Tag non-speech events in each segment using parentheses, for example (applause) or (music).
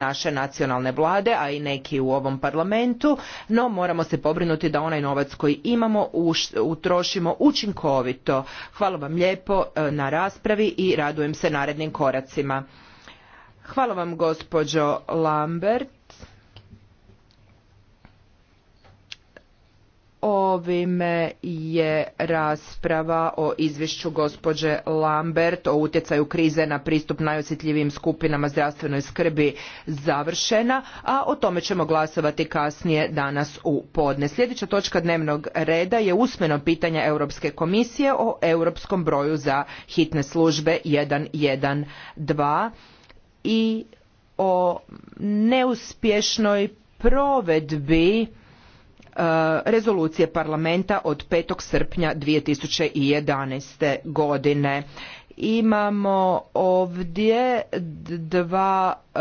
naše nacionalne vlade, a i neki u ovom parlamentu, no moramo se pobrinuti da onaj novac koji imamo utrošimo učinkovito. Hvala vam lijepo e, na raspravi i radujem se narednim koracima. Hvala vam gospođo Lambert. Ovime je rasprava o izvješću gospođe Lambert o utjecaju krize na pristup najosjetljivijim skupinama zdravstvenoj skrbi završena, a o tome ćemo glasovati kasnije danas u podne. Sljedeća točka dnevnog reda je usmeno pitanje Europske komisije o europskom broju za hitne službe 112 i o neuspješnoj provedbi E, rezolucije parlamenta od 5. srpnja 2011. godine imamo ovdje dva e,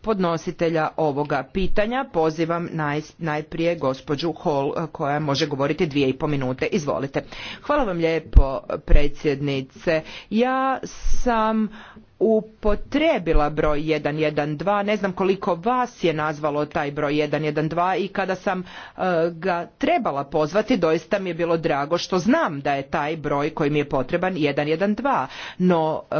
podnositelja ovoga pitanja. Pozivam najprije gospođu Hall e, koja može govoriti dvije i pol minute. Izvolite. Hvala vam lijepo predsjednice. Ja sam upotrijebila broj 112. Ne znam koliko vas je nazvalo taj broj 112 i kada sam e, ga trebala pozvati doista mi je bilo drago što znam da je taj broj koji mi je potreban 112. No e,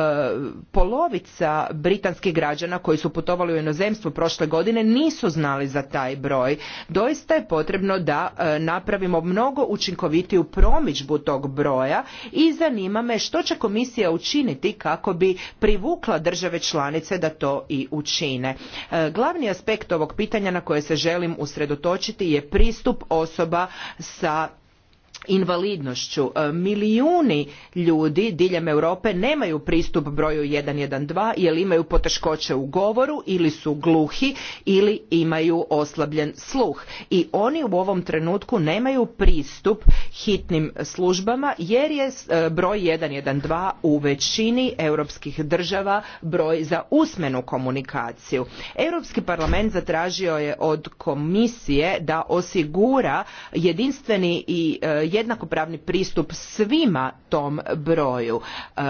polovica britanskih građana koji su putovali u inozemstvo prošle godine nisu znali za taj broj. Doista je potrebno da e, napravimo mnogo učinkovitiju promidžbu tog broja i zanima me što će komisija učiniti kako bi privukla ukla države članice da to i učine. E, glavni aspekt ovog pitanja na koje se želim usredotočiti je pristup osoba sa invalidnošću. E, milijuni ljudi diljem Europe nemaju pristup broju 112 jer imaju poteškoće u govoru ili su gluhi ili imaju oslabljen sluh. I oni u ovom trenutku nemaju pristup hitnim službama jer je e, broj 112 u većini europskih država broj za usmenu komunikaciju. Europski parlament zatražio je od komisije da osigura jedinstveni i e, jednakopravni pristup svima tom broju e,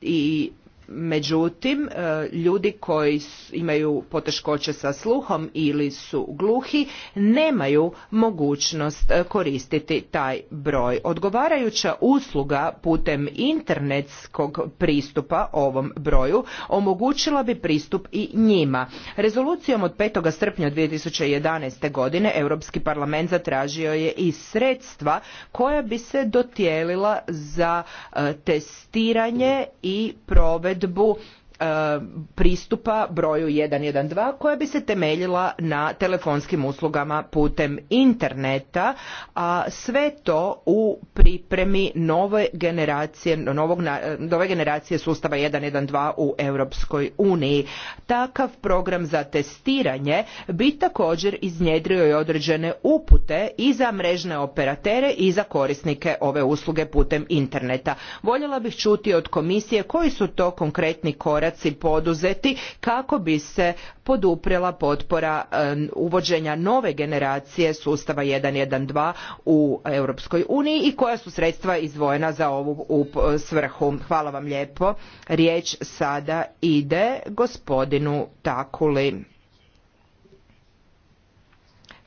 i Međutim, e, ljudi koji imaju poteškoće sa sluhom ili su gluhi nemaju mogućnost e, koristiti taj broj. Odgovarajuća usluga putem internetskog pristupa ovom broju omogućila bi pristup i njima. Rezolucijom od 5. srpnja 2011. godine Europski parlament zatražio je i sredstva koja bi se dotjelila za e, testiranje i provedbu provedbu E, pristupa broju 112 koja bi se temeljila na telefonskim uslugama putem interneta, a sve to u pripremi nove generacije, novog, nove generacije sustava 112 u Europskoj uniji. Takav program za testiranje bi također iznjedrio i određene upute i za mrežne operatere i za korisnike ove usluge putem interneta. Voljela bih čuti od komisije koji su to konkretni korak koraci poduzeti kako bi se poduprela potpora e, uvođenja nove generacije sustava 112 u Europskoj uniji i koja su sredstva izdvojena za ovu e, svrhu. Hvala vam lijepo. Riječ sada ide gospodinu Takuli.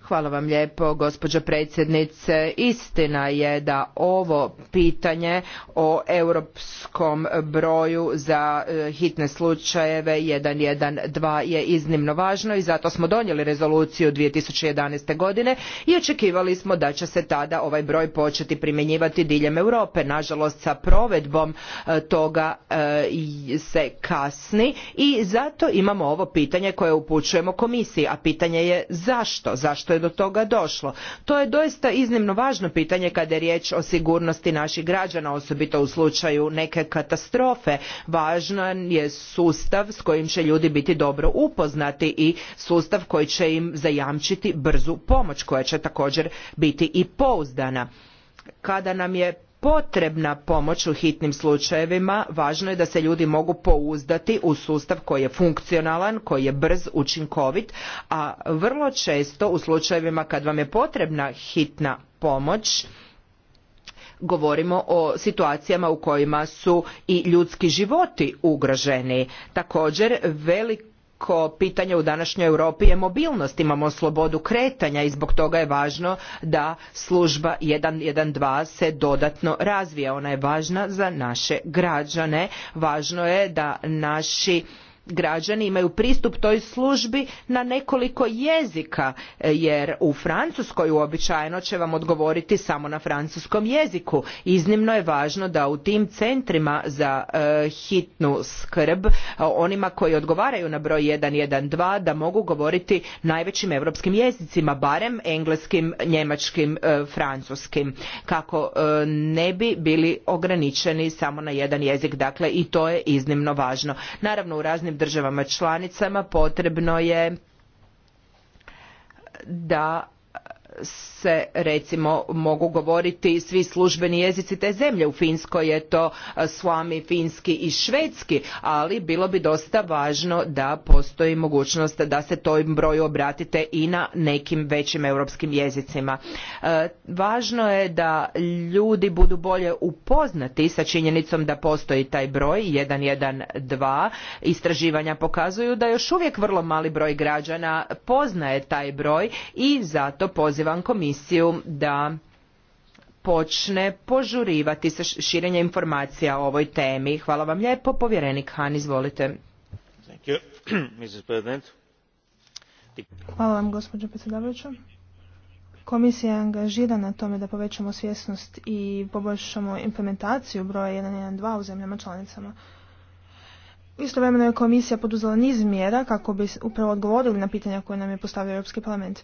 Hvala vam lijepo, gospođo predsjednice. Istina je da ovo pitanje o europskom broju za e, hitne slučajeve 112 je iznimno važno i zato smo donijeli rezoluciju 2011. godine i očekivali smo da će se tada ovaj broj početi primjenjivati diljem Europe. Nažalost, sa provedbom e, toga e, se kasni i zato imamo ovo pitanje koje upućujemo komisiji, a pitanje je zašto? Zašto je je do toga došlo. To je doista iznimno važno pitanje kada je riječ o sigurnosti naših građana, osobito u slučaju neke katastrofe. Važan je sustav s kojim će ljudi biti dobro upoznati i sustav koji će im zajamčiti brzu pomoć koja će također biti i pouzdana kada nam je potrebna pomoć u hitnim slučajevima važno je da se ljudi mogu pouzdati u sustav koji je funkcionalan koji je brz učinkovit a vrlo često u slučajevima kad vam je potrebna hitna pomoć govorimo o situacijama u kojima su i ljudski životi ugroženi također veliki veliko pitanje u današnjoj Europi je mobilnost. Imamo slobodu kretanja i zbog toga je važno da služba 112 se dodatno razvija. Ona je važna za naše građane. Važno je da naši građani imaju pristup toj službi na nekoliko jezika e, jer u Francuskoj uobičajeno će vam odgovoriti samo na francuskom jeziku. Iznimno je važno da u tim centrima za e, hitnu skrb e, onima koji odgovaraju na broj 112 da mogu govoriti najvećim europskim jezicima, barem engleskim, njemačkim, francuskim kako ne bi bili ograničeni samo na jedan jezik. Dakle i to je iznimno važno. Naravno u raznim državama članicama potrebno je da se recimo mogu govoriti svi službeni jezici te zemlje. U Finskoj je to e, Svami, finski i švedski, ali bilo bi dosta važno da postoji mogućnost da se tom broju obratite i na nekim većim europskim jezicima. E, važno je da ljudi budu bolje upoznati sa činjenicom da postoji taj broj 112. Istraživanja pokazuju da još uvijek vrlo mali broj građana poznaje taj broj i zato pozivam pozivam komisiju da počne požurivati sa širenjem informacija o ovoj temi. Hvala vam lijepo. Povjerenik Han, izvolite. (clears throat) Hvala vam, gospođo predsjedavajuća. Komisija je angažirana na tome da povećamo svjesnost i poboljšamo implementaciju broja 112 u zemljama članicama. Istovremeno je komisija poduzela niz mjera kako bi upravo odgovorili na pitanja koje nam je postavio Europski parlament.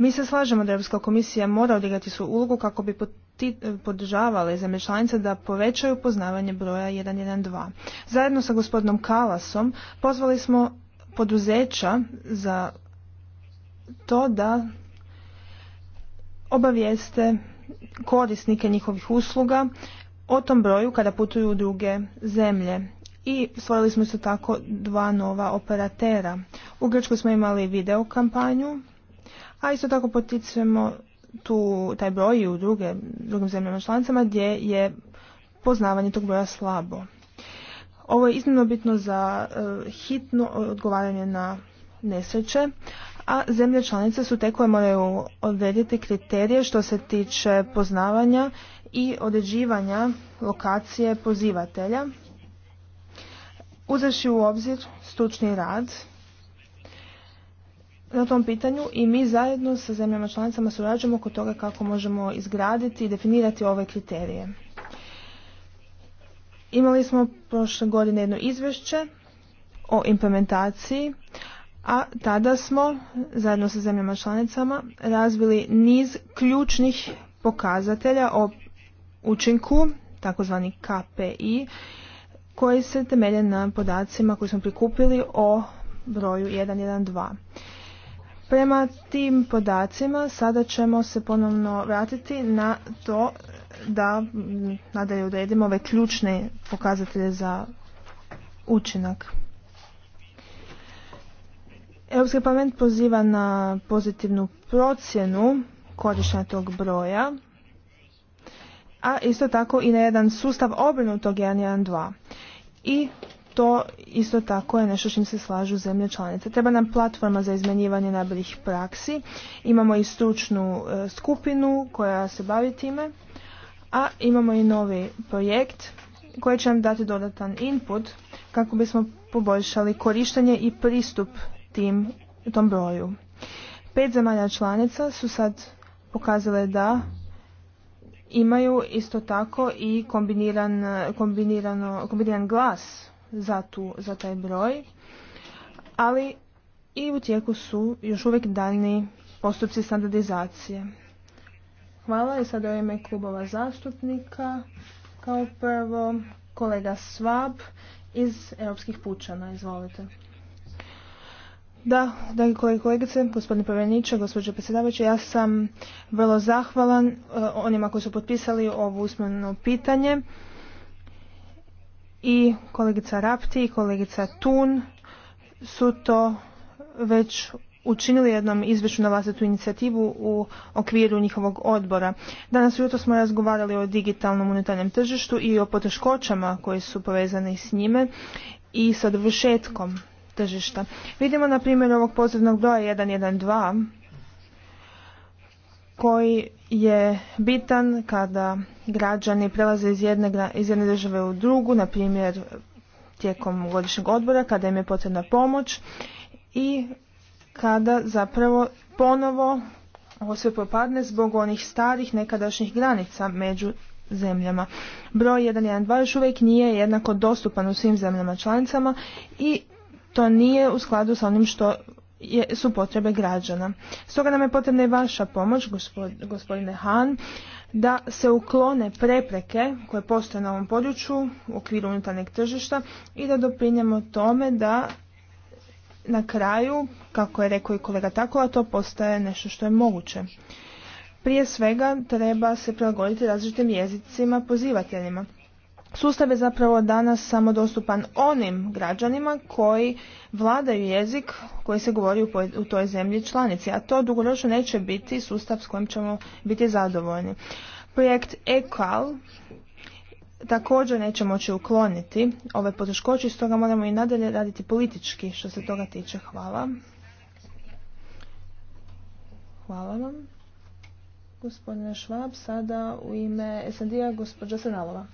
Mi se slažemo da Europska komisija mora odigrati svoju ulogu kako bi eh, podržavali zemlje članice da povećaju poznavanje broja 112. Zajedno sa gospodinom Kalasom pozvali smo poduzeća za to da obavijeste korisnike njihovih usluga o tom broju kada putuju u druge zemlje. I stvorili smo se tako dva nova operatera. U smo imali video kampanju a isto tako poticujemo tu, taj broj i u druge, drugim zemljama članicama gdje je poznavanje tog broja slabo. Ovo je iznimno bitno za e, hitno odgovaranje na nesreće, a zemlje članice su te koje moraju odrediti kriterije što se tiče poznavanja i određivanja lokacije pozivatelja. uzeši u obzir stručni rad na tom pitanju i mi zajedno sa zemljama članicama surađujemo oko toga kako možemo izgraditi i definirati ove kriterije. Imali smo prošle godine jedno izvješće o implementaciji, a tada smo zajedno sa zemljama članicama razvili niz ključnih pokazatelja o učinku, takozvani KPI, koji se temelje na podacima koji smo prikupili o broju 112. Prema tim podacima sada ćemo se ponovno vratiti na to da nadalje odredimo ove ključne pokazatelje za učinak. Europski parlament poziva na pozitivnu procjenu korištenja tog broja, a isto tako i na jedan sustav obrnutog 112. I to isto tako je nešto čim se slažu zemlje članice. Treba nam platforma za izmenjivanje najboljih praksi. Imamo i stručnu e, skupinu koja se bavi time, a imamo i novi projekt koji će nam dati dodatan input kako bismo poboljšali korištenje i pristup tim, tom broju. Pet zemalja članica su sad pokazale da imaju isto tako i kombiniran, kombinirano, kombiniran glas za, tu, za taj broj, ali i u tijeku su još uvijek daljni postupci standardizacije. Hvala i sada u ime klubova zastupnika. Kao prvo kolega Svab iz Europskih pučana. Izvolite. Da, dragi kolege i kolegice, gospodine povjereniče, gospođo predsjedavajuća, ja sam vrlo zahvalan eh, onima koji su potpisali ovo usmeno pitanje i kolegica Rapti i kolegica Tun su to već učinili jednom izvješću na vlastitu inicijativu u okviru njihovog odbora. Danas ujutro smo razgovarali o digitalnom unutarnjem tržištu i o poteškoćama koje su povezane s njime i sa dovršetkom tržišta. Vidimo na primjer ovog pozivnog broja 112 koji je bitan kada građani prelaze iz jedne, iz jedne države u drugu, na primjer tijekom godišnjeg odbora, kada im je potrebna pomoć i kada zapravo ponovo ovo sve propadne zbog onih starih nekadašnjih granica među zemljama. Broj 112 još uvijek nije jednako dostupan u svim zemljama članicama i to nije u skladu sa onim što su potrebe građana. Stoga nam je potrebna i vaša pomoć, gospodine Han, da se uklone prepreke koje postoje na ovom području u okviru unutarnjeg tržišta i da doprinjemo tome da na kraju, kako je rekao i kolega Takola, to postaje nešto što je moguće. Prije svega treba se prilagoditi različitim jezicima pozivateljima. Sustav je zapravo danas samo dostupan onim građanima koji vladaju jezik koji se govori u toj zemlji članici, a to dugoročno neće biti sustav s kojim ćemo biti zadovoljni. Projekt ECAL također neće moći ukloniti ove poteškoće, stoga moramo i nadalje raditi politički što se toga tiče. Hvala. Hvala vam. Gospodine Švab, sada u ime SND-a gospođa Senalova.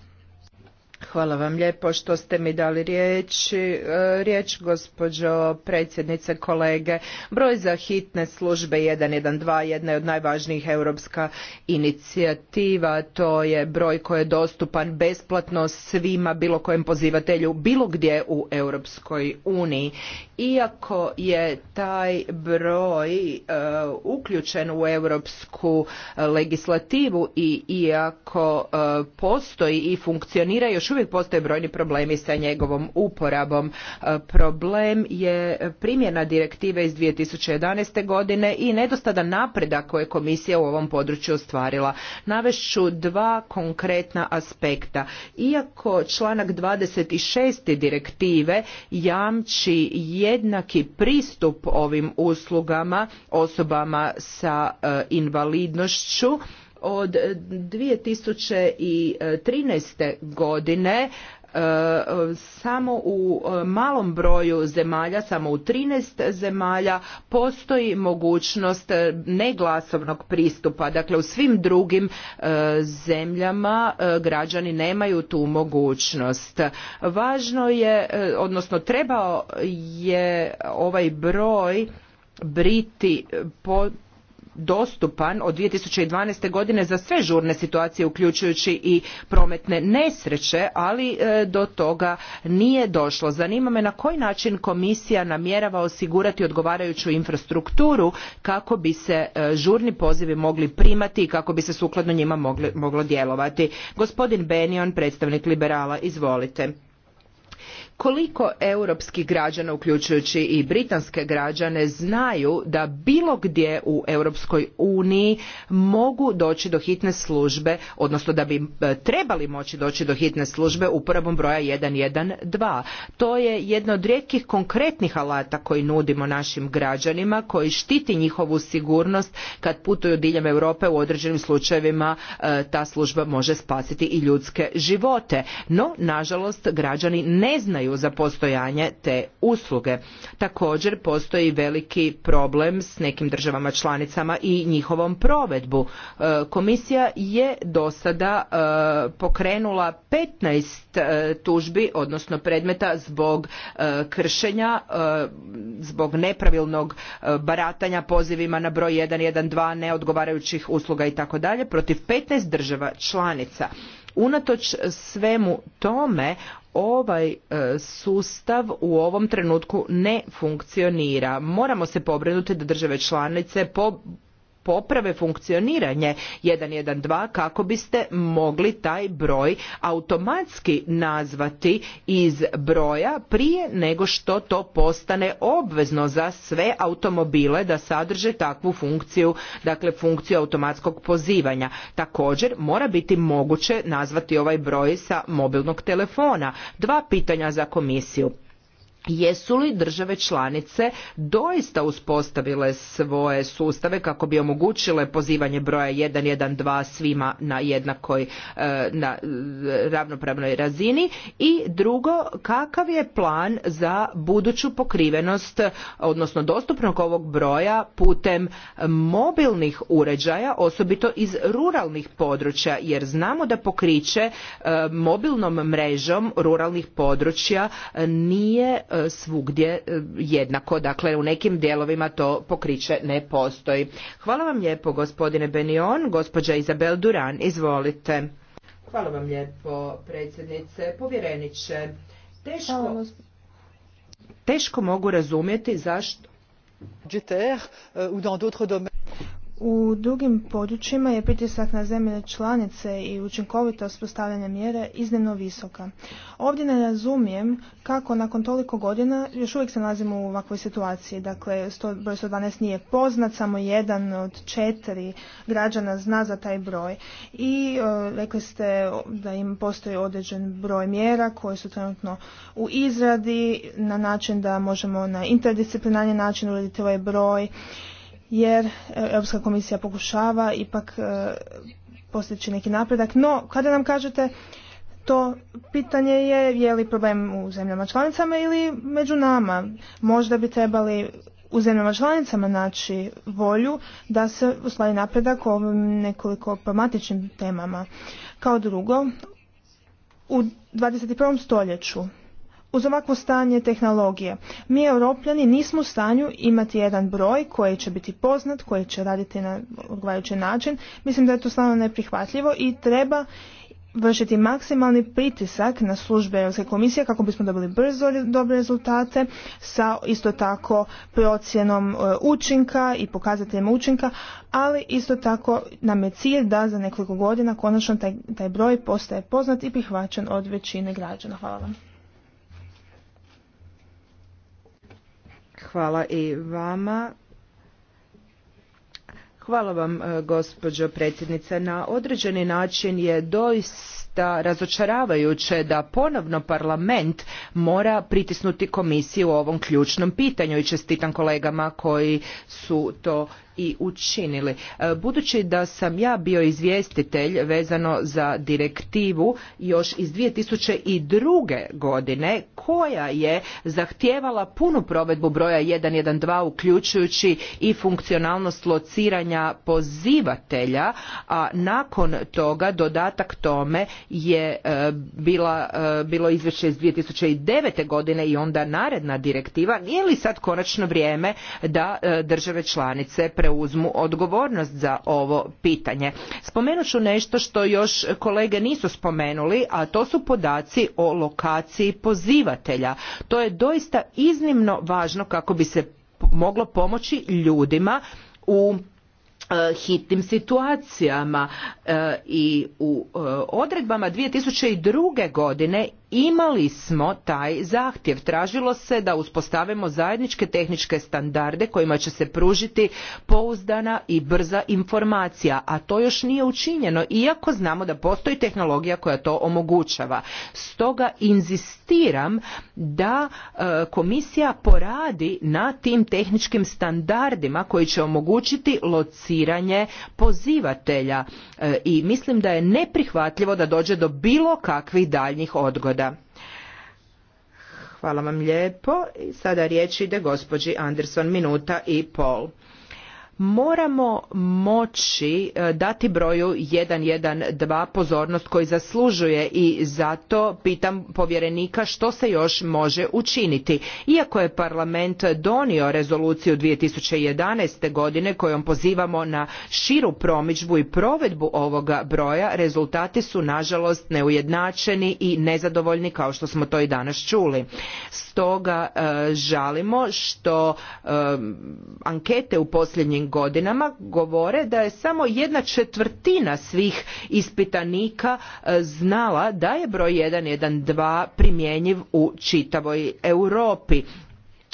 Hvala vam lijepo što ste mi dali riječ, e, riječ gospođo predsjednice kolege. Broj za hitne službe 112 jedna je od najvažnijih europska inicijativa. To je broj koji je dostupan besplatno svima, bilo kojem pozivatelju, bilo gdje u Europskoj uniji. Iako je taj broj e, uključen u europsku legislativu i iako e, postoji i funkcionira još još uvijek postoje brojni problemi sa njegovom uporabom. E, problem je primjena direktive iz 2011. godine i nedostatan napredak koje je komisija u ovom području ostvarila. Navešću dva konkretna aspekta. Iako članak 26. direktive jamči jednaki pristup ovim uslugama osobama sa e, invalidnošću, od 2013. godine e, samo u e, malom broju zemalja, samo u 13 zemalja postoji mogućnost e, neglasovnog pristupa. Dakle, u svim drugim zemljama građani nemaju tu mogućnost. Važno je, odnosno trebao je ovaj broj briti po, dostupan od 2012. godine za sve žurne situacije uključujući i prometne nesreće, ali e, do toga nije došlo. Zanima me na koji način komisija namjerava osigurati odgovarajuću infrastrukturu kako bi se e, žurni pozivi mogli primati i kako bi se sukladno njima moglo djelovati. Gospodin Benion, predstavnik liberala, izvolite koliko europskih građana, uključujući i britanske građane, znaju da bilo gdje u Europskoj uniji mogu doći do hitne službe, odnosno da bi e, trebali moći doći do hitne službe uporabom broja 112. To je jedno od rijetkih konkretnih alata koji nudimo našim građanima, koji štiti njihovu sigurnost kad putuju diljem Europe u određenim slučajevima e, ta služba može spasiti i ljudske živote. No, nažalost, građani ne znaju za postojanje te usluge. Također postoji veliki problem s nekim državama članicama i njihovom provedbu. E, komisija je do sada e, pokrenula 15 E, tužbi, odnosno predmeta zbog e, kršenja, e, zbog nepravilnog baratanja pozivima na broj 112, neodgovarajućih usluga i tako dalje, protiv 15 država članica. Unatoč svemu tome, ovaj sustav u ovom trenutku ne funkcionira. Moramo se pobrinuti da države članice po poprave funkcioniranje 112 kako biste mogli taj broj automatski nazvati iz broja prije nego što to postane obvezno za sve automobile da sadrže takvu funkciju, dakle funkciju automatskog pozivanja. Također mora biti moguće nazvati ovaj broj sa mobilnog telefona. Dva pitanja za komisiju Jesu li države članice doista uspostavile svoje sustave kako bi omogućile pozivanje broja 112 svima na jednakoj e, na e, ravnopravnoj razini i drugo kakav je plan za buduću pokrivenost odnosno dostupnog ovog broja putem mobilnih uređaja osobito iz ruralnih područja jer znamo da pokriće e, mobilnom mrežom ruralnih područja nije E, svugdje e, jednako. Dakle, u nekim dijelovima to pokriće ne postoji. Hvala vam lijepo, gospodine Benion. Gospođa Izabel Duran, izvolite. Hvala vam lijepo, predsjednice. Povjereniče, teško, teško mogu razumjeti zašto... GTR e, ou u drugim područjima je pritisak na zemlje članice i učinkovitost postavljanja mjere iznimno visoka. Ovdje ne razumijem kako nakon toliko godina još uvijek se nalazimo u ovakvoj situaciji. Dakle, broj 112 nije poznat, samo jedan od četiri građana zna za taj broj. I e, rekli ste da im postoji određen broj mjera koje su trenutno u izradi na način da možemo na interdisciplinarni način urediti ovaj broj jer e, Europska komisija pokušava ipak e, postići neki napredak. No, kada nam kažete to pitanje je je li problem u zemljama članicama ili među nama. Možda bi trebali u zemljama članicama naći volju da se uslavi napredak o ovim nekoliko problematičnim temama. Kao drugo, u 21. stoljeću uz ovakvo stanje tehnologije. Mi europljani nismo u stanju imati jedan broj koji će biti poznat, koji će raditi na odgovarajući način. Mislim da je to stvarno neprihvatljivo i treba vršiti maksimalni pritisak na službe Europske komisije kako bismo dobili brzo dobre rezultate sa isto tako procjenom e, učinka i pokazateljem učinka, ali isto tako nam je cilj da za nekoliko godina konačno taj, taj broj postaje poznat i prihvaćen od većine građana. Hvala vam. Hvala i vama. Hvala vam, e, gospođo predsjednice. Na određeni način je doista razočaravajuće da ponovno parlament mora pritisnuti komisiju u ovom ključnom pitanju i čestitam kolegama koji su to i učinili. E, budući da sam ja bio izvjestitelj vezano za direktivu još iz 2002. godine koja je zahtijevala punu provedbu broja 112 uključujući i funkcionalnost lociranja pozivatelja, a nakon toga dodatak tome je e, bila, e, bilo izvješće iz 2009. godine i onda naredna direktiva. Nije li sad konačno vrijeme da države članice pre uzmu odgovornost za ovo pitanje. Spomenut ću nešto što još kolege nisu spomenuli, a to su podaci o lokaciji pozivatelja. To je doista iznimno važno kako bi se moglo pomoći ljudima u e, hitnim situacijama e, i u e, odredbama 2002. godine imali smo taj zahtjev. Tražilo se da uspostavimo zajedničke tehničke standarde kojima će se pružiti pouzdana i brza informacija, a to još nije učinjeno, iako znamo da postoji tehnologija koja to omogućava. Stoga inzistiram da e, komisija poradi na tim tehničkim standardima koji će omogućiti lociranje pozivatelja e, i mislim da je neprihvatljivo da dođe do bilo kakvih daljnjih odgoda. Hvala vam lijepo. Sada riječ ide gospođi Anderson, minuta i pol moramo moći e, dati broju 112 pozornost koji zaslužuje i zato pitam povjerenika što se još može učiniti. Iako je parlament donio rezoluciju 2011. godine kojom pozivamo na širu promidžbu i provedbu ovoga broja, rezultati su nažalost neujednačeni i nezadovoljni kao što smo to i danas čuli. Stoga e, žalimo što e, ankete u posljednjim godinama govore da je samo jedna četvrtina svih ispitanika e, znala da je broj 112 primjenjiv u čitavoj Europi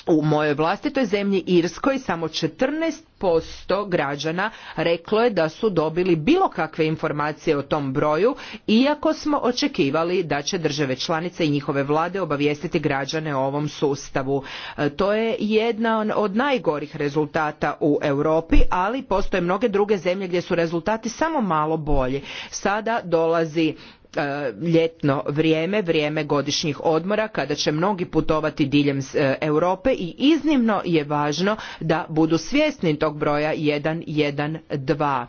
u mojoj vlastitoj zemlji Irskoj samo 14% građana reklo je da su dobili bilo kakve informacije o tom broju, iako smo očekivali da će države članice i njihove vlade obavijestiti građane o ovom sustavu. E, to je jedan od najgorih rezultata u Europi, ali postoje mnoge druge zemlje gdje su rezultati samo malo bolji. Sada dolazi E, ljetno vrijeme, vrijeme godišnjih odmora kada će mnogi putovati diljem e, Europe i iznimno je važno da budu svjesni tog broja 112.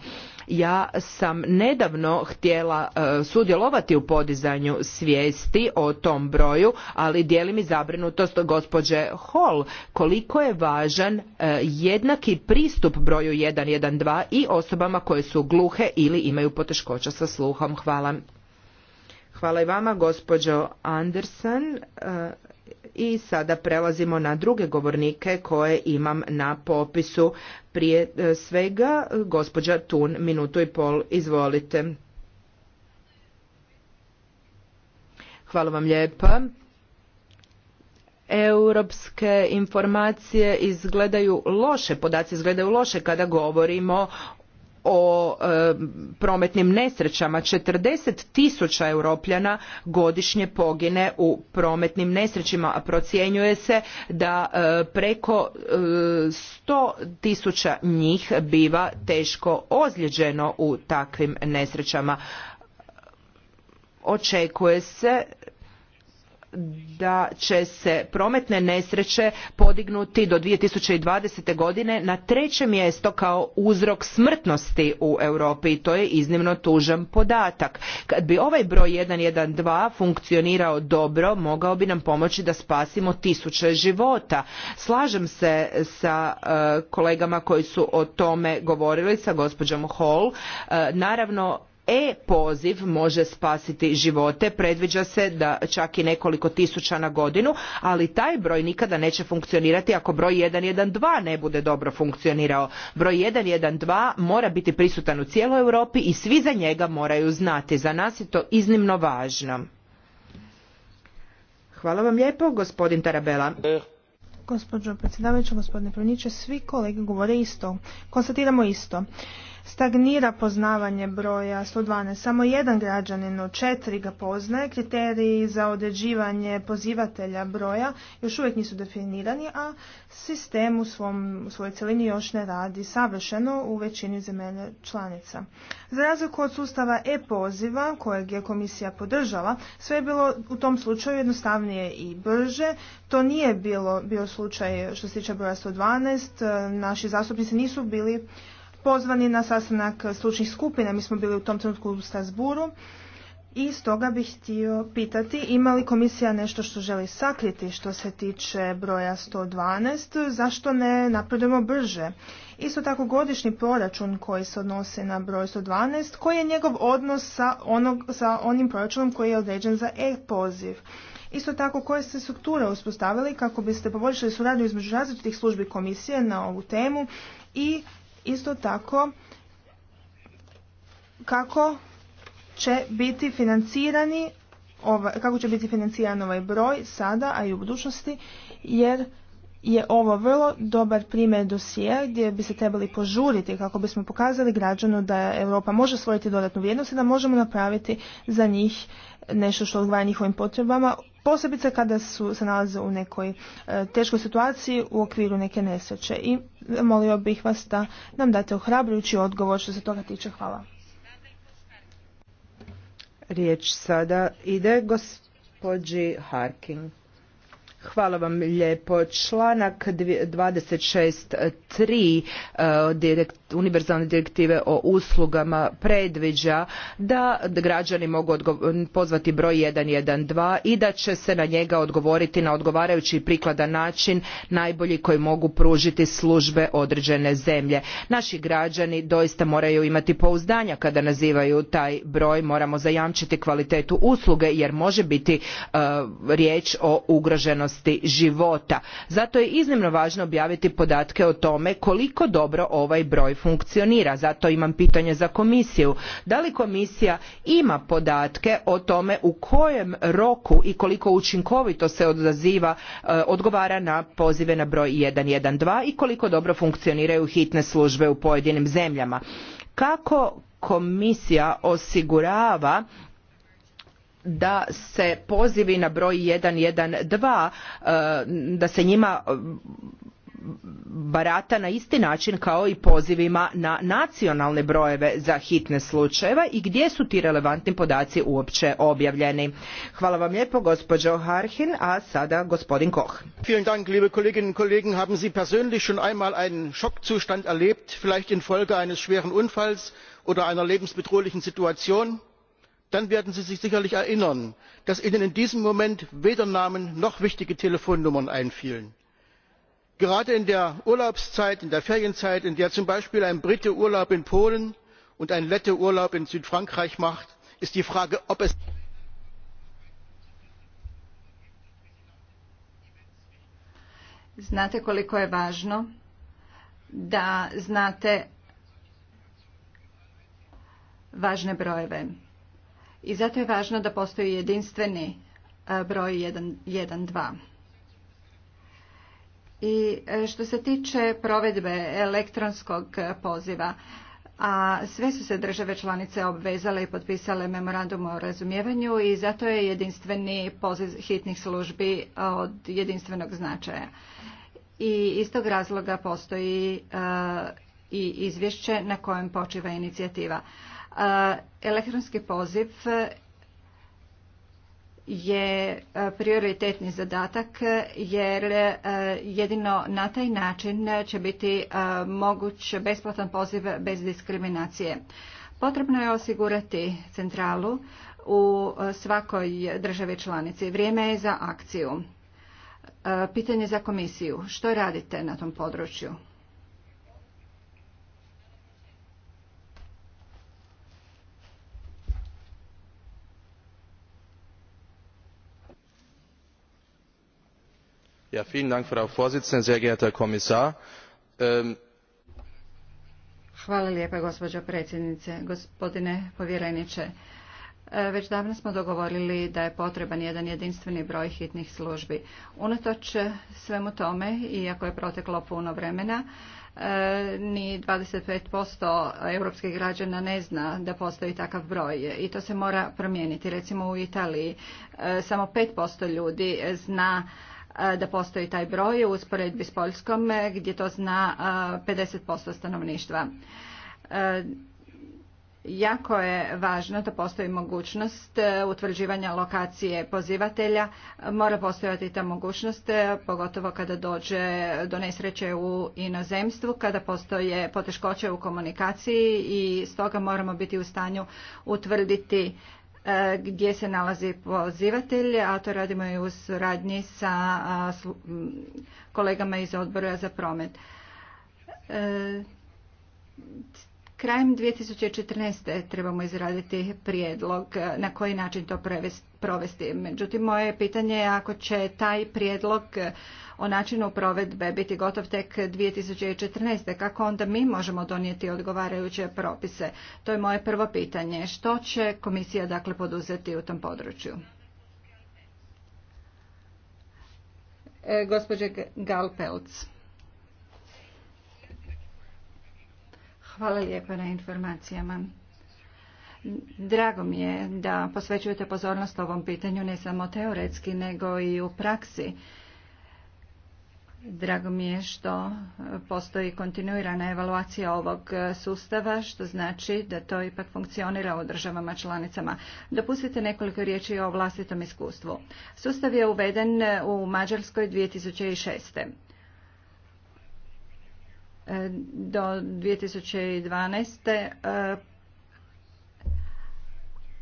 Ja sam nedavno htjela e, sudjelovati u podizanju svijesti o tom broju, ali dijelim i zabrinutost gospođe Hall koliko je važan jednaki pristup broju 112 i osobama koje su gluhe ili imaju poteškoća sa sluhom. Hvala. Hvala i vama, gospođo Andersen. E, I sada prelazimo na druge govornike koje imam na popisu. Prije e, svega, gospođa Tun, minutu i pol, izvolite. Hvala vam lijepa. Europske informacije izgledaju loše, podaci izgledaju loše kada govorimo o e, prometnim nesrećama. 40 tisuća europljana godišnje pogine u prometnim nesrećima, a procjenjuje se da e, preko e, sto 100 tisuća njih biva teško ozlijeđeno u takvim nesrećama. Očekuje se da će se prometne nesreće podignuti do 2020. godine na treće mjesto kao uzrok smrtnosti u Europi i to je iznimno tužan podatak. Kad bi ovaj broj 112 funkcionirao dobro, mogao bi nam pomoći da spasimo tisuće života. Slažem se sa e, kolegama koji su o tome govorili, sa gospođom Hall. E, naravno, e-poziv može spasiti živote, predviđa se da čak i nekoliko tisuća na godinu, ali taj broj nikada neće funkcionirati ako broj 112 ne bude dobro funkcionirao. Broj 112 mora biti prisutan u cijeloj Europi i svi za njega moraju znati. Za nas je to iznimno važno. Hvala vam lijepo, gospodin Tarabela. Gospođo gospodine predniče, svi kolege govore isto. Konstatiramo isto stagnira poznavanje broja 112. Samo jedan građanin od četiri ga poznaje. Kriteriji za određivanje pozivatelja broja još uvijek nisu definirani, a sistem u, svom, svojoj celini još ne radi savršeno u većini zemalja članica. Za razliku od sustava e-poziva, kojeg je komisija podržala, sve je bilo u tom slučaju jednostavnije i brže. To nije bilo, bio slučaj što se tiče broja 112. Naši zastupnici nisu bili pozvani na sastanak stručnih skupina. Mi smo bili u tom trenutku u Strasburu i stoga bih htio pitati ima li komisija nešto što želi sakriti što se tiče broja 112, zašto ne napredujemo brže? Isto tako godišnji proračun koji se odnosi na broj 112, koji je njegov odnos sa, onog, sa onim proračunom koji je određen za e-poziv? Isto tako koje ste strukture uspostavili kako biste poboljšali suradnju između različitih službi komisije na ovu temu i isto tako kako će biti financirani kako će biti financiran ovaj broj sada, a i u budućnosti, jer je ovo vrlo dobar primjer dosije gdje bi se trebali požuriti kako bismo pokazali građanu da Europa može stvoriti dodatnu vrijednost i da možemo napraviti za njih nešto što odgovara njihovim potrebama, posebice kada su, se nalaze u nekoj e, teškoj situaciji u okviru neke nesreće. I molio bih vas da nam date ohrabrujući odgovor što se toga tiče. Hvala. Riječ sada ide gospođi Harking. Hvala vam lijepo. Članak 26.3 e, univerzalne direktive o uslugama predviđa da građani mogu pozvati broj 112 i da će se na njega odgovoriti na odgovarajući prikladan način najbolji koji mogu pružiti službe određene zemlje. Naši građani doista moraju imati pouzdanja kada nazivaju taj broj. Moramo zajamčiti kvalitetu usluge jer može biti e, riječ o ugroženosti vrijednosti života. Zato je iznimno važno objaviti podatke o tome koliko dobro ovaj broj funkcionira. Zato imam pitanje za komisiju. Da li komisija ima podatke o tome u kojem roku i koliko učinkovito se odaziva, e, odgovara na pozive na broj 112 i koliko dobro funkcioniraju hitne službe u pojedinim zemljama? Kako komisija osigurava da se pozivi na broj 112 e, da se njima e, barata na isti način kao i pozivima na nacionalne brojeve za hitne slučajeve i gdje su ti relevantni podaci uopće objavljeni. Hvala vam lijepo gospođo Harkin, a sada gospodin Koch. Vielen Dank, liebe Kolleginnen und Kollegen, haben Sie persönlich schon einmal einen Schockzustand erlebt, vielleicht infolge eines schweren Unfalls oder einer lebensbedrohlichen Situation? dann werden sie sich sicherlich erinnern dass ihnen in diesem moment weder namen noch wichtige telefonnummern einfielen. gerade in der urlaubszeit in der ferienzeit in der zum beispiel ein brite urlaub in polen und ein lette urlaub in südfrankreich macht ist die frage ob es. znate koliko je važno da znate važne brojeve i zato je važno da postoji jedinstveni e, broj 112. I e, što se tiče provedbe elektronskog poziva, a sve su se države članice obvezale i potpisale memorandum o razumijevanju i zato je jedinstveni poziv hitnih službi e, od jedinstvenog značaja. I iz tog razloga postoji i izvješće na kojem počiva inicijativa. Eh, elektronski poziv eh, je eh, prioritetni zadatak jer jedino na taj način će biti moguć besplatan poziv bez diskriminacije. Potrebno je osigurati centralu u svakoj državi članici. Vrijeme je za akciju. Pitanje za komisiju. Što radite na tom području? Ähm, Hvala gospođo predsjednice, gospodine povjereniče. E, već davno smo dogovorili da je potreban jedan jedinstveni broj hitnih službi. Unatoč svemu tome, iako je proteklo puno vremena, e, ni 25% europskih građana ne zna da postoji takav broj i to se mora promijeniti. Recimo u Italiji e, samo posto ljudi zna da postoji taj broj u usporedbi s Poljskom e, gdje to zna 50% stanovništva. E, jako je važno da postoji mogućnost e, utvrđivanja lokacije pozivatelja. Mora postojati ta mogućnost, pogotovo kada dođe do nesreće u inozemstvu, kada postoje poteškoće u komunikaciji i stoga moramo biti u stanju utvrditi E, gdje se nalazi pozivatelj, a to radimo i u suradnji sa kolegama iz odbora za promet e, Krajem 2014. trebamo izraditi prijedlog e, na koji način to provesti. Međutim, moje pitanje je ako će taj prijedlog e, o načinu provedbe biti gotov tek 2014. Kako onda mi možemo donijeti odgovarajuće propise? To je moje prvo pitanje. Što će komisija dakle poduzeti u tom području? Gospodin e, gospođe Galpelc. Hvala lijepa na informacijama. Drago mi je da posvećujete pozornost ovom pitanju ne samo teoretski nego i u praksi. Drago mi je što postoji kontinuirana evaluacija ovog sustava, što znači da to ipak funkcionira u državama članicama. Dopustite nekoliko riječi o vlastitom iskustvu. Sustav je uveden u Mađarskoj 2006. E, do 2012. E,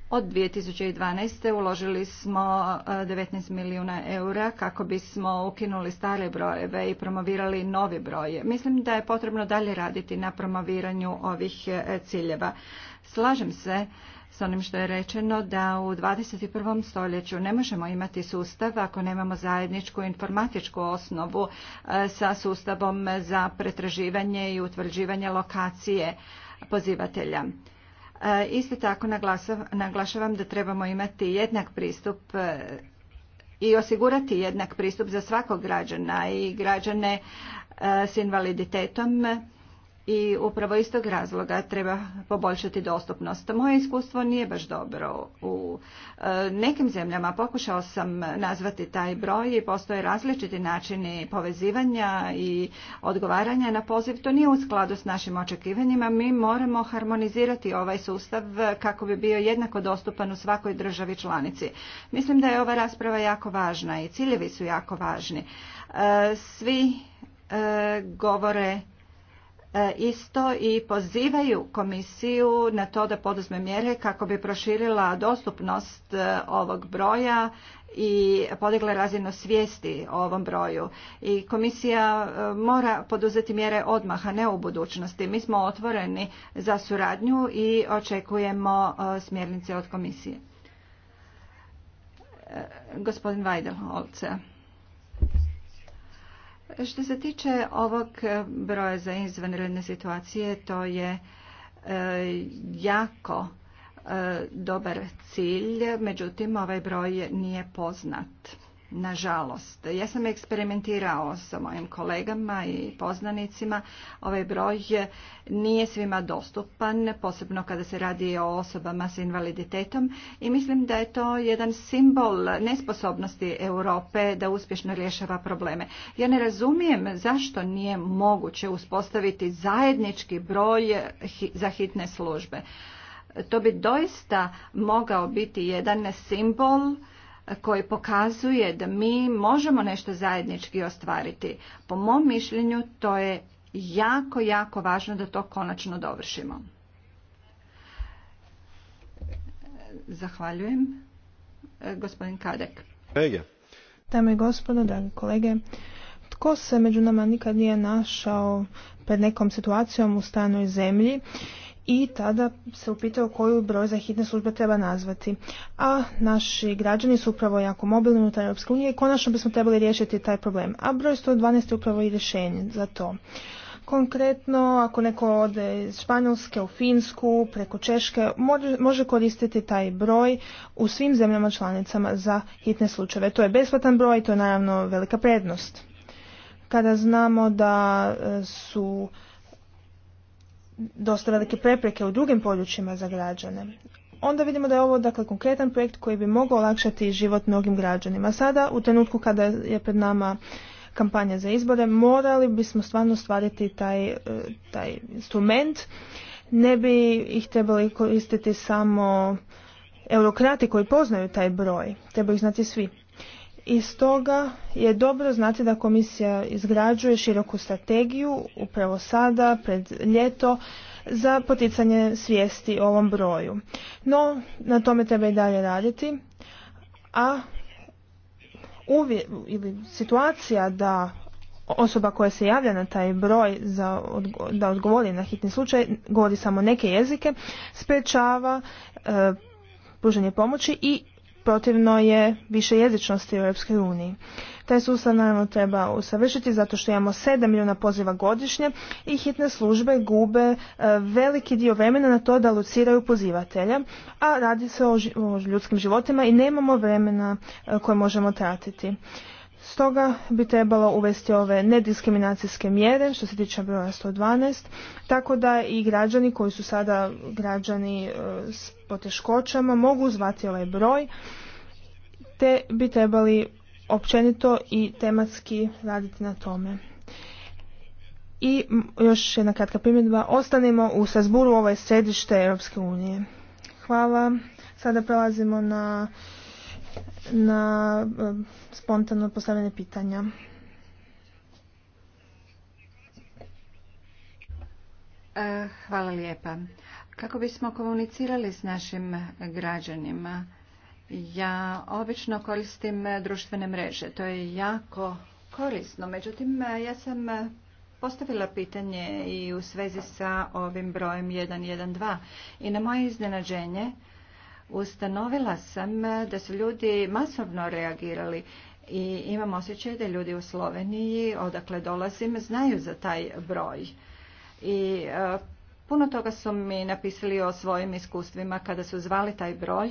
od 2012. uložili smo 19 e, milijuna eura kako bismo ukinuli stare brojeve i promovirali nove broje. Mislim da je potrebno dalje raditi na promoviranju ovih ciljeva. Slažem se onim što je rečeno da u 21. stoljeću ne možemo imati sustav ako nemamo zajedničku informatičku osnovu e, sa sustavom za pretraživanje i utvrđivanje lokacije pozivatelja. E, isto tako naglašavam da trebamo imati jednak pristup e, i osigurati jednak pristup za svakog građana i građane s invaliditetom i upravo iz tog razloga treba poboljšati dostupnost. Moje iskustvo nije baš dobro. U e, nekim zemljama pokušao sam nazvati taj broj i postoje različiti načini povezivanja i odgovaranja na poziv. To nije u skladu s našim očekivanjima. Mi moramo harmonizirati ovaj sustav kako bi bio jednako dostupan u svakoj državi članici. Mislim da je ova rasprava jako važna i ciljevi su jako važni. E, svi e, govore E, isto i pozivaju komisiju na to da poduzme mjere kako bi proširila dostupnost e, ovog broja i podigla razinu svijesti o ovom broju. I komisija e, mora poduzeti mjere odmah, a ne u budućnosti. Mi smo otvoreni za suradnju i očekujemo smjernice od komisije. Gospodin Vajdel, što se tiče ovog e, broja za izvanredne situacije, to je e, jako e, dobar cilj, međutim ovaj broj nije poznat nažalost. Ja sam eksperimentirao sa mojim kolegama i poznanicima. Ovaj broj nije svima dostupan, posebno kada se radi o osobama s invaliditetom i mislim da je to jedan simbol nesposobnosti Europe da uspješno rješava probleme. Ja ne razumijem zašto nije moguće uspostaviti zajednički broj za hitne službe. To bi doista mogao biti jedan simbol koji pokazuje da mi možemo nešto zajednički ostvariti. Po mom mišljenju to je jako, jako važno da to konačno dovršimo. Zahvaljujem. E, gospodin Kadek. Dame i gospodo, dragi kolege, tko se među nama nikad nije našao pred nekom situacijom u stanoj zemlji i tada se upitao koju broj za hitne službe treba nazvati. A naši građani su upravo jako mobilni unutar EU i konačno bismo trebali riješiti taj problem. A broj 112 je upravo i rješenje za to. Konkretno, ako neko ode iz Španjolske u Finsku, preko Češke, može koristiti taj broj u svim zemljama članicama za hitne slučajeve. To je besplatan broj i to je naravno velika prednost. Kada znamo da e, su dosta velike prepreke u drugim područjima za građane. Onda vidimo da je ovo dakle konkretan projekt koji bi mogao olakšati život mnogim građanima. Sada u trenutku kada je pred nama kampanja za izbore morali bismo stvarno stvariti taj, e, taj instrument. Ne bi ih trebali koristiti samo eurokrati koji poznaju taj broj. Treba ih znati svi. I stoga je dobro znati da komisija izgrađuje široku strategiju upravo sada, pred ljeto, za poticanje svijesti o ovom broju. No, na tome treba i dalje raditi, a ili situacija da osoba koja se javlja na taj broj da odgovori na hitni slučaj, govori samo neke jezike, sprečava e, pružanje pomoći i protivno je više jezičnosti u Europskoj uniji. Taj sustav naravno treba usavršiti zato što imamo 7 milijuna poziva godišnje i hitne službe gube e, veliki dio vremena na to da luciraju pozivatelja, a radi se o ljudskim životima i nemamo vremena e, koje možemo tratiti. Stoga bi trebalo uvesti ove nediskriminacijske mjere što se tiče broja 112, tako da i građani koji su sada građani e, s poteškoćama mogu zvati ovaj broj, te bi trebali općenito i tematski raditi na tome. I još jedna kratka primjedba, ostanimo u Sazburu, ovo je središte Europske unije. Hvala, sada prelazimo na na spontano postavljene pitanja. E, hvala lijepa. Kako bismo komunicirali s našim građanima, ja obično koristim društvene mreže. To je jako korisno. Međutim, ja sam postavila pitanje i u svezi sa ovim brojem 112. I na moje iznenađenje, Ustanovila sam eh, da su ljudi masovno reagirali i imam osjećaj da ljudi u Sloveniji, odakle dolazim, znaju za taj broj. I eh, Puno toga su mi napisali o svojim iskustvima kada su zvali taj broj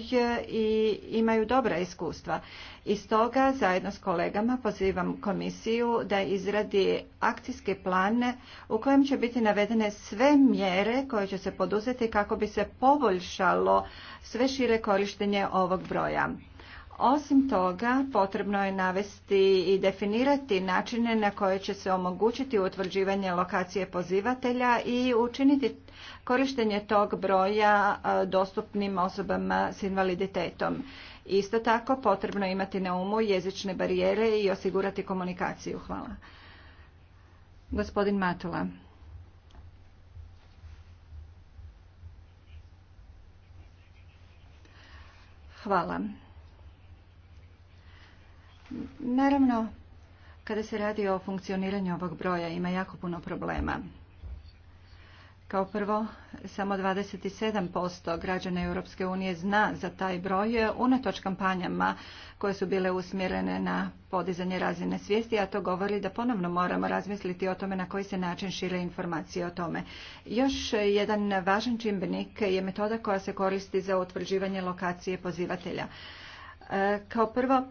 i imaju dobra iskustva. I stoga zajedno s kolegama pozivam komisiju da izradi akcijski plan u kojem će biti navedene sve mjere koje će se poduzeti kako bi se poboljšalo sve šire korištenje ovog broja. Osim toga, potrebno je navesti i definirati načine na koje će se omogućiti utvrđivanje lokacije pozivatelja i učiniti korištenje tog broja dostupnim osobama s invaliditetom. Isto tako, potrebno je imati na umu jezične barijere i osigurati komunikaciju. Hvala. Gospodin Matula. Hvala. Naravno, kada se radi o funkcioniranju ovog broja ima jako puno problema. Kao prvo, samo 27% građana Europske unije zna za taj broj unatoč kampanjama koje su bile usmjerene na podizanje razine svijesti, a to govori da ponovno moramo razmisliti o tome na koji se način šire informacije o tome. Još jedan važan čimbenik je metoda koja se koristi za utvrđivanje lokacije pozivatelja. Kao prvo,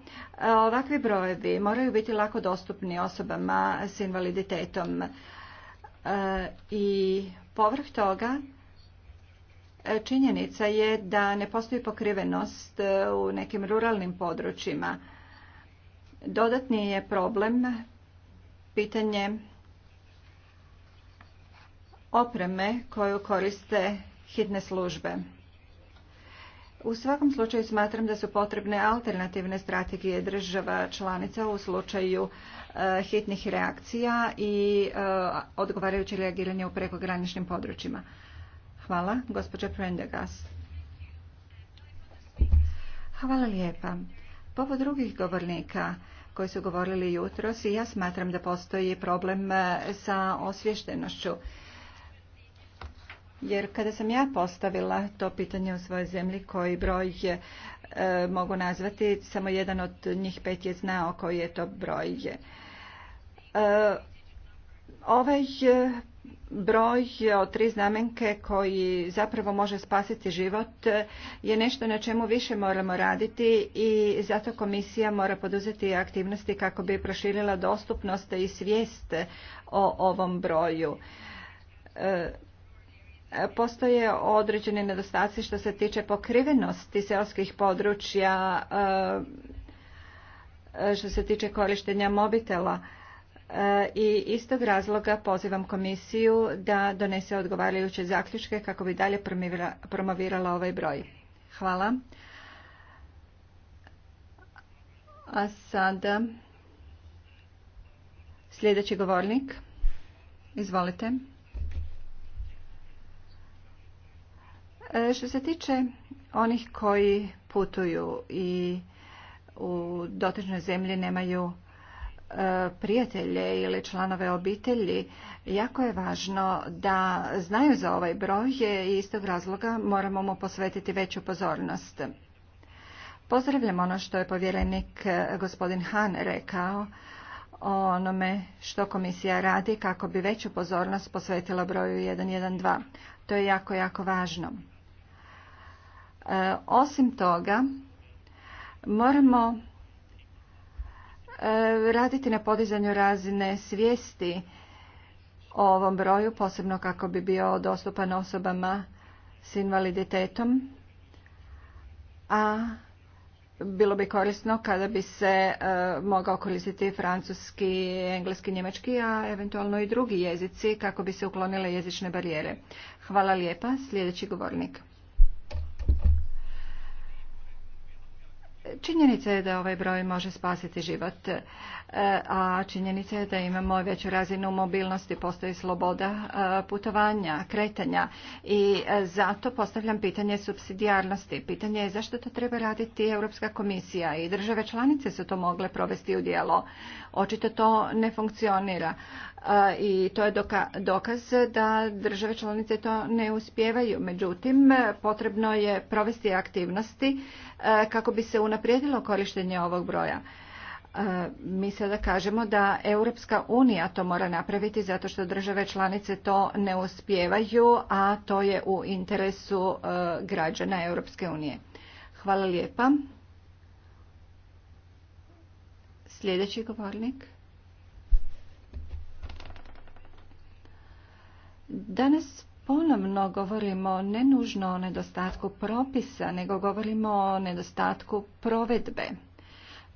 ovakvi brojevi moraju biti lako dostupni osobama s invaliditetom e, i povrh toga e, činjenica je da ne postoji pokrivenost e, u nekim ruralnim područjima. Dodatni je problem pitanje opreme koju koriste hitne službe. U svakom slučaju smatram da su potrebne alternativne strategije država članica u slučaju e, hitnih reakcija i e, odgovarajuće reagiranje u prekograničnim područjima. Hvala, gospođa Prendegas. Hvala lijepa. Povod drugih govornika koji su govorili jutros i ja smatram da postoji problem e, sa osvještenošću. Jer kada sam ja postavila to pitanje u svojoj zemlji koji broj je, e, mogu nazvati, samo jedan od njih pet je znao koji je to broj. Je. E, ovaj broj od tri znamenke koji zapravo može spasiti život je nešto na čemu više moramo raditi i zato komisija mora poduzeti aktivnosti kako bi proširila dostupnost i svijest o ovom broju. E, Postoje određeni nedostaci što se tiče pokrivenosti seoskih područja, e, što se tiče korištenja mobitela. E, I istog razloga pozivam komisiju da donese odgovarajuće zaključke kako bi dalje promovirala ovaj broj. Hvala. A sada sljedeći govornik. Izvolite. E, što se tiče onih koji putuju i u dotičnoj zemlji nemaju e, prijatelje ili članove obitelji, jako je važno da znaju za ovaj broj i istog razloga moramo mu posvetiti veću pozornost. Pozdravljam ono što je povjerenik e, gospodin Han rekao o onome što komisija radi kako bi veću pozornost posvetila broju 112. To je jako, jako važno. E, osim toga, moramo e, raditi na podizanju razine svijesti o ovom broju, posebno kako bi bio dostupan osobama s invaliditetom. A bilo bi korisno kada bi se e, mogao koristiti francuski, engleski, njemački, a eventualno i drugi jezici kako bi se uklonile jezične barijere. Hvala lijepa. Sljedeći govornik. Činjenica je da ovaj broj može spasiti život. E, a činjenica je da imamo veću razinu mobilnosti, postoji sloboda e, putovanja, kretanja i e, zato postavljam pitanje subsidijarnosti. Pitanje je zašto to treba raditi Europska komisija i države članice su to mogle provesti u djelo. Očito to ne funkcionira i to je dokaz da države članice to ne uspijevaju. Međutim, potrebno je provesti aktivnosti kako bi se unaprijedilo korištenje ovog broja. E, mi sada kažemo da Europska unija to mora napraviti zato što države članice to ne uspijevaju, a to je u interesu e, građana Europske unije. Hvala lijepa. Sljedeći govornik. Danas ponovno govorimo ne nužno o nedostatku propisa, nego govorimo o nedostatku provedbe.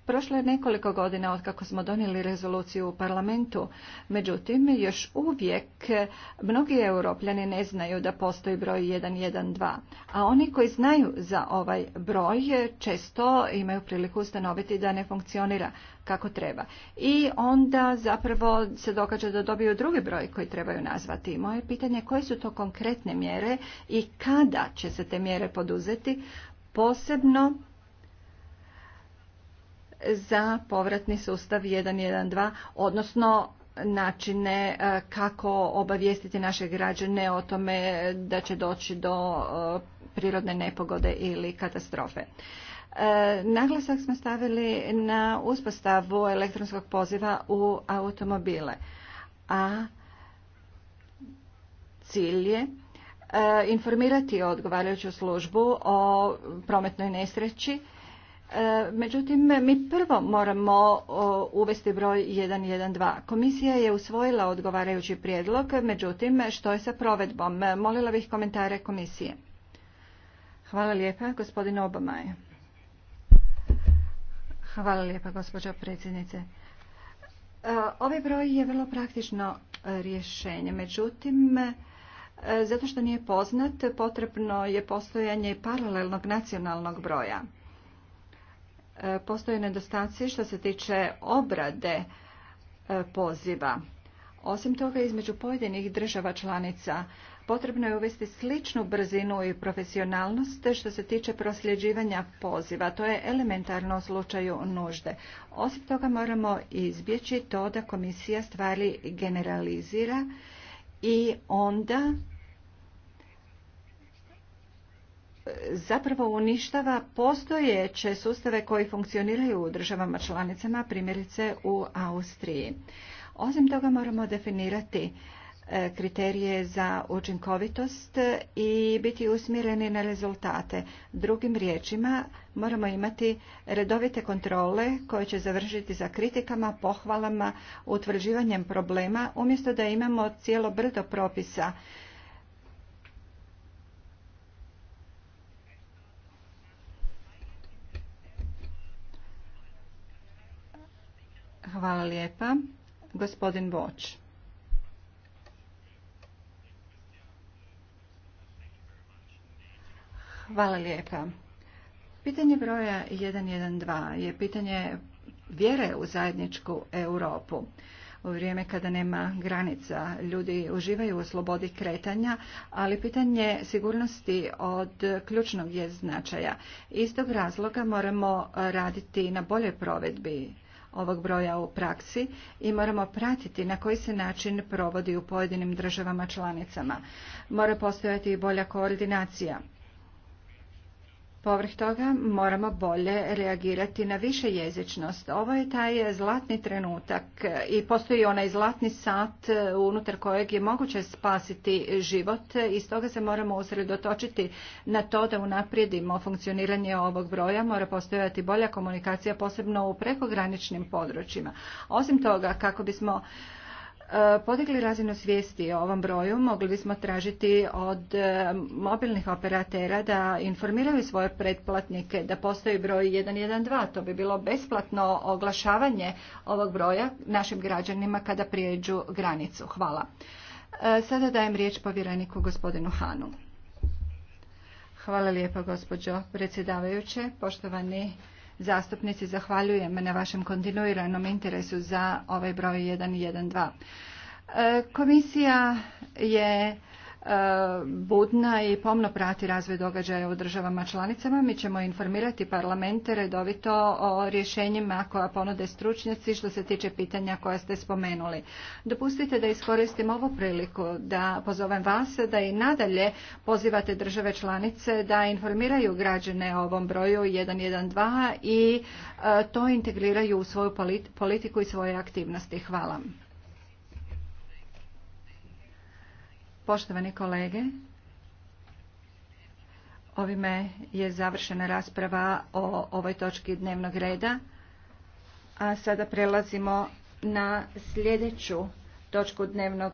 Prošlo je nekoliko godina od kako smo donijeli rezoluciju u parlamentu, međutim još uvijek mnogi europljani ne znaju da postoji broj 112, a oni koji znaju za ovaj broj često imaju priliku ustanoviti da ne funkcionira kako treba. I onda zapravo se događa da dobiju drugi broj koji trebaju nazvati. Moje pitanje je koje su to konkretne mjere i kada će se te mjere poduzeti, posebno za povratni sustav 112, odnosno načine e, kako obavijestiti naše građane o tome da će doći do e, prirodne nepogode ili katastrofe. E, naglasak smo stavili na uspostavu elektronskog poziva u automobile, a cilj je informirati odgovarajuću službu o prometnoj nesreći E, međutim, mi prvo moramo uvesti broj 112. Komisija je usvojila odgovarajući prijedlog, međutim, što je sa provedbom? Molila bih komentare komisije. Hvala lijepa, gospodin Obamaj. Hvala lijepa, gospođo predsjednice. E, ovaj broj je vrlo praktično rješenje, međutim, e, zato što nije poznat, potrebno je postojanje paralelnog nacionalnog broja postoje nedostaci što se tiče obrade e, poziva. Osim toga, između pojedinih država članica potrebno je uvesti sličnu brzinu i profesionalnost što se tiče prosljeđivanja poziva. To je elementarno u slučaju nužde. Osim toga, moramo izbjeći to da komisija stvari generalizira i onda zapravo uništava postojeće sustave koji funkcioniraju u državama članicama, primjerice u Austriji. Osim toga moramo definirati e, kriterije za učinkovitost i biti usmjereni na rezultate. Drugim riječima moramo imati redovite kontrole koje će završiti za kritikama, pohvalama, utvrđivanjem problema, umjesto da imamo cijelo brdo propisa Hvala lijepa. Gospodin Boč. Hvala lijepa. Pitanje broja 112 je pitanje vjere u zajedničku Europu. U vrijeme kada nema granica, ljudi uživaju u slobodi kretanja, ali pitanje sigurnosti od ključnog je značaja. Istog razloga moramo raditi na boljoj provedbi ovog broja u praksi i moramo pratiti na koji se način provodi u pojedinim državama članicama. Mora postojati i bolja koordinacija Povrh toga moramo bolje reagirati na više jezičnost. Ovo je taj zlatni trenutak i postoji onaj zlatni sat unutar kojeg je moguće spasiti život i toga se moramo usredotočiti na to da unaprijedimo funkcioniranje ovog broja. Mora postojati bolja komunikacija posebno u prekograničnim područjima. Osim toga, kako bismo E, podigli razinu svijesti o ovom broju, mogli bismo tražiti od e, mobilnih operatera da informiraju svoje pretplatnike da postoji broj 112. To bi bilo besplatno oglašavanje ovog broja našim građanima kada prijeđu granicu. Hvala. E, sada dajem riječ povjereniku gospodinu Hanu. Hvala lijepo gospođo predsjedavajuće, poštovani zastupnici, zahvaljujem na vašem kontinuiranom interesu za ovaj broj 112. E, komisija je budna i pomno prati razvoj događaja u državama članicama. Mi ćemo informirati parlamente redovito o rješenjima koja ponude stručnjaci što se tiče pitanja koja ste spomenuli. Dopustite da iskoristim ovu priliku da pozovem vas da i nadalje pozivate države članice da informiraju građane o ovom broju 112 i e, to integriraju u svoju politiku i svoje aktivnosti. Hvala. Poštovani kolege, ovime je završena rasprava o ovoj točki dnevnog reda. A sada prelazimo na sljedeću točku dnevnog